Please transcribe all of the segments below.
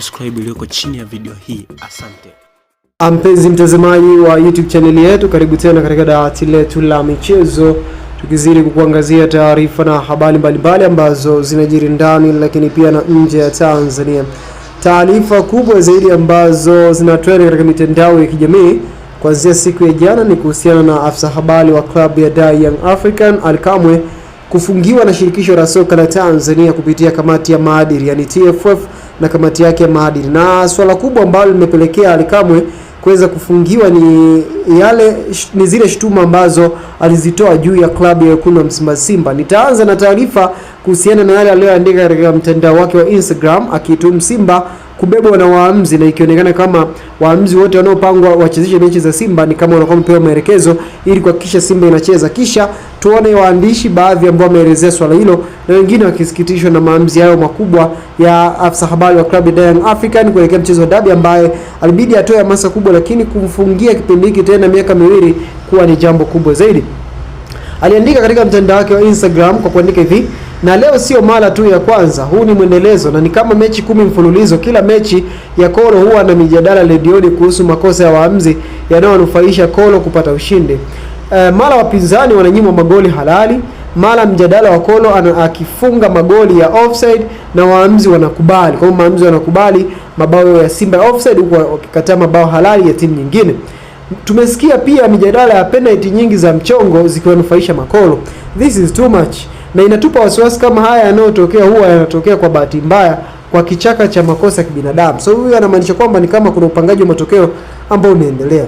subscribe iliyoko chini ya video hii. Asante. Ah, mpenzi mtazamaji wa YouTube channel yetu, karibu tena katika dawati letu la michezo, tukizidi kukuangazia taarifa na habari mbalimbali ambazo zinajiri ndani lakini pia na nje ya Tanzania. Taarifa kubwa zaidi ambazo zinatrend katika mitandao ya kijamii kuanzia siku ya jana ni kuhusiana na afisa habari wa klabu ya Young African Ally Kamwe kufungiwa na shirikisho la soka la Tanzania kupitia kamati ya maadili yani TFF na kamati yake ya maadili, na swala kubwa ambalo limepelekea Alikamwe kuweza kufungiwa ni yale ni zile shutuma ambazo alizitoa juu ya klabu ya wekundu wa Msimbazi Simba. Nitaanza na taarifa kuhusiana na yale aliyoandika katika mtandao wake wa Instagram akiitumu Simba kubebwa na waamuzi na ikionekana kama waamuzi wote wanaopangwa wachezeshe mechi za Simba ni kama wanakuwa wamepewa maelekezo ili kuhakikisha Simba inacheza. Kisha tuone waandishi baadhi ambao wameelezea swala hilo na wengine wakisikitishwa na maamuzi hayo makubwa ya afisa habari wa klabu ya Young African kuelekea mchezo wa dabi, ambaye alibidi atoe hamasa kubwa, lakini kumfungia kipindi hiki tena miaka miwili kuwa ni jambo kubwa zaidi. Aliandika katika mtandao wake wa Instagram kwa kuandika hivi: na leo sio mara tu ya kwanza. Huu ni mwendelezo na ni kama mechi kumi mfululizo. Kila mechi ya Kolo huwa na mijadala redioni kuhusu makosa ya waamuzi yanayonufaisha Kolo kupata ushindi. E, mara wapinzani wananyimwa magoli halali, mara mjadala wa Kolo akifunga magoli ya offside na waamuzi wanakubali. Kwa hiyo waamuzi wanakubali mabao ya Simba offside, huku wakikataa mabao halali ya timu nyingine. Tumesikia pia mijadala ya penalty nyingi za mchongo zikiwanufaisha makolo. This is too much, na inatupa wasiwasi kama haya yanayotokea huwa yanatokea kwa bahati mbaya kwa kichaka cha makosa ya kibinadamu. So huyu anamaanisha kwamba ni kama kuna upangaji wa matokeo ambao unaendelea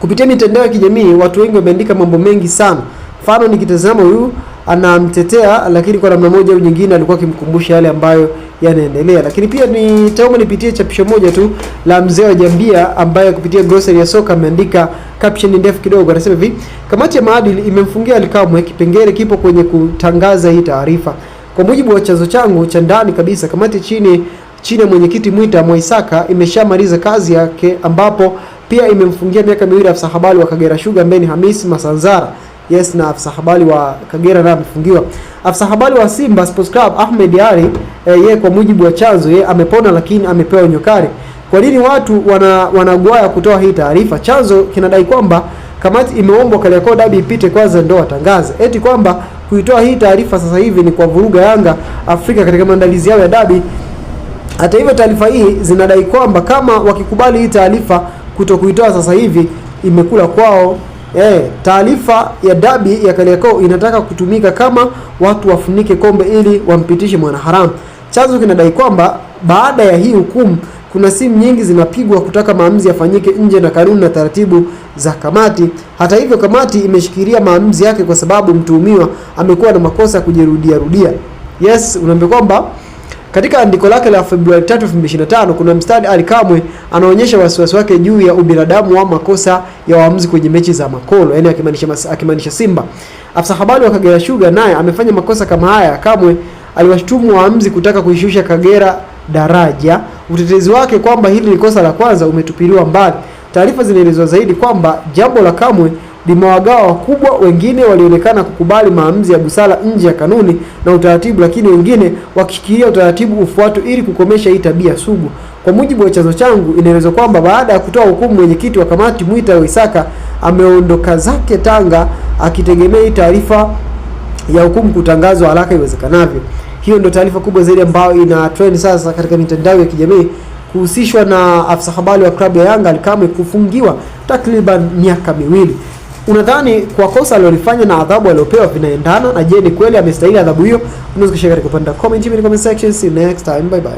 kupitia mitandao ya kijamii. Watu wengi wameandika mambo mengi sana, mfano nikitazama huyu anamtetea, lakini kwa namna moja au nyingine alikuwa akimkumbusha yale ambayo yanaendelea. Lakini pia nitaomba nipitie chapisho moja tu la mzee wa Jambia ambaye kupitia Grocery ya Soka ameandika caption ndefu kidogo, anasema hivi: kamati ya maadili imemfungia Alikamwe, kipengele kipo kwenye kutangaza hii taarifa. Kwa mujibu wa chanzo changu cha ndani kabisa, kamati chini chini ya mwenyekiti Mwita Mwaisaka imeshamaliza kazi yake, ambapo pia imemfungia miaka miwili afisa habari wa Kagera Sugar Mbeni Hamis Masanzara Yes, na afisa habari wa Kagera naye amefungiwa. Afisa habari wa Simba Sports Club Ahmed Ali eh, yeye kwa mujibu wa chanzo yeye amepona, lakini amepewa onyo Kwa nini watu wana wanagwaya kutoa hii taarifa? Chanzo kinadai kwamba kamati imeombwa Kariakoo dabi ipite kwanza ndio watangaze, eti kwamba kuitoa hii taarifa sasa hivi ni kwa vuruga Yanga Afrika katika maandalizi yao ya dabi. Hata hivyo, taarifa hii zinadai kwamba kama wakikubali hii taarifa kutokuitoa sasa hivi imekula kwao eh, taarifa ya dabi ya Kariakoo inataka kutumika kama watu wafunike kombe ili wampitishe mwanaharamu. Chanzo kinadai kwamba baada ya hii hukumu kuna simu nyingi zinapigwa kutaka maamuzi yafanyike nje na kanuni na taratibu za kamati. Hata hivyo, kamati imeshikilia maamuzi yake kwa sababu mtuhumiwa amekuwa na makosa ya kujirudia rudia. Yes, unaambia kwamba katika andiko lake la Februari 3, 2025 kuna mstari Ally Kamwe anaonyesha wasiwasi wake juu ya ubinadamu wa makosa ya waamuzi kwenye mechi za Makolo, yani akimaanisha akimaanisha Simba. Afisa habari wa Kagera Sugar naye amefanya makosa kama haya. Kamwe aliwashutumu waamuzi kutaka kuishusha Kagera daraja. Utetezi wake kwamba hili ni kosa la kwanza umetupiliwa mbali. Taarifa zinaelezwa zaidi kwamba jambo la Kamwe limewagawa wakubwa, wengine walionekana kukubali maamuzi ya busara nje ya kanuni na utaratibu, lakini wengine wakishikilia utaratibu ufuatwe ili kukomesha hii tabia sugu. Kwa mujibu wa chanzo changu, inaelezwa kwamba baada ya kutoa hukumu, mwenyekiti wa kamati Mwita Waisaka ameondoka zake Tanga akitegemea hii taarifa ya hukumu kutangazwa haraka iwezekanavyo. Hiyo ndio taarifa kubwa zaidi ambayo ina trend sasa katika mitandao ya kijamii kuhusishwa na afisa habari wa klabu ya Yanga Alikamwe kufungiwa takriban miaka miwili. Unadhani kwa kosa alilofanya na adhabu aliyopewa vinaendana? Na je, ni kweli amestahili adhabu hiyo? Unaweza kushare katika upande wa comment, comment section. See you next time, bye bye.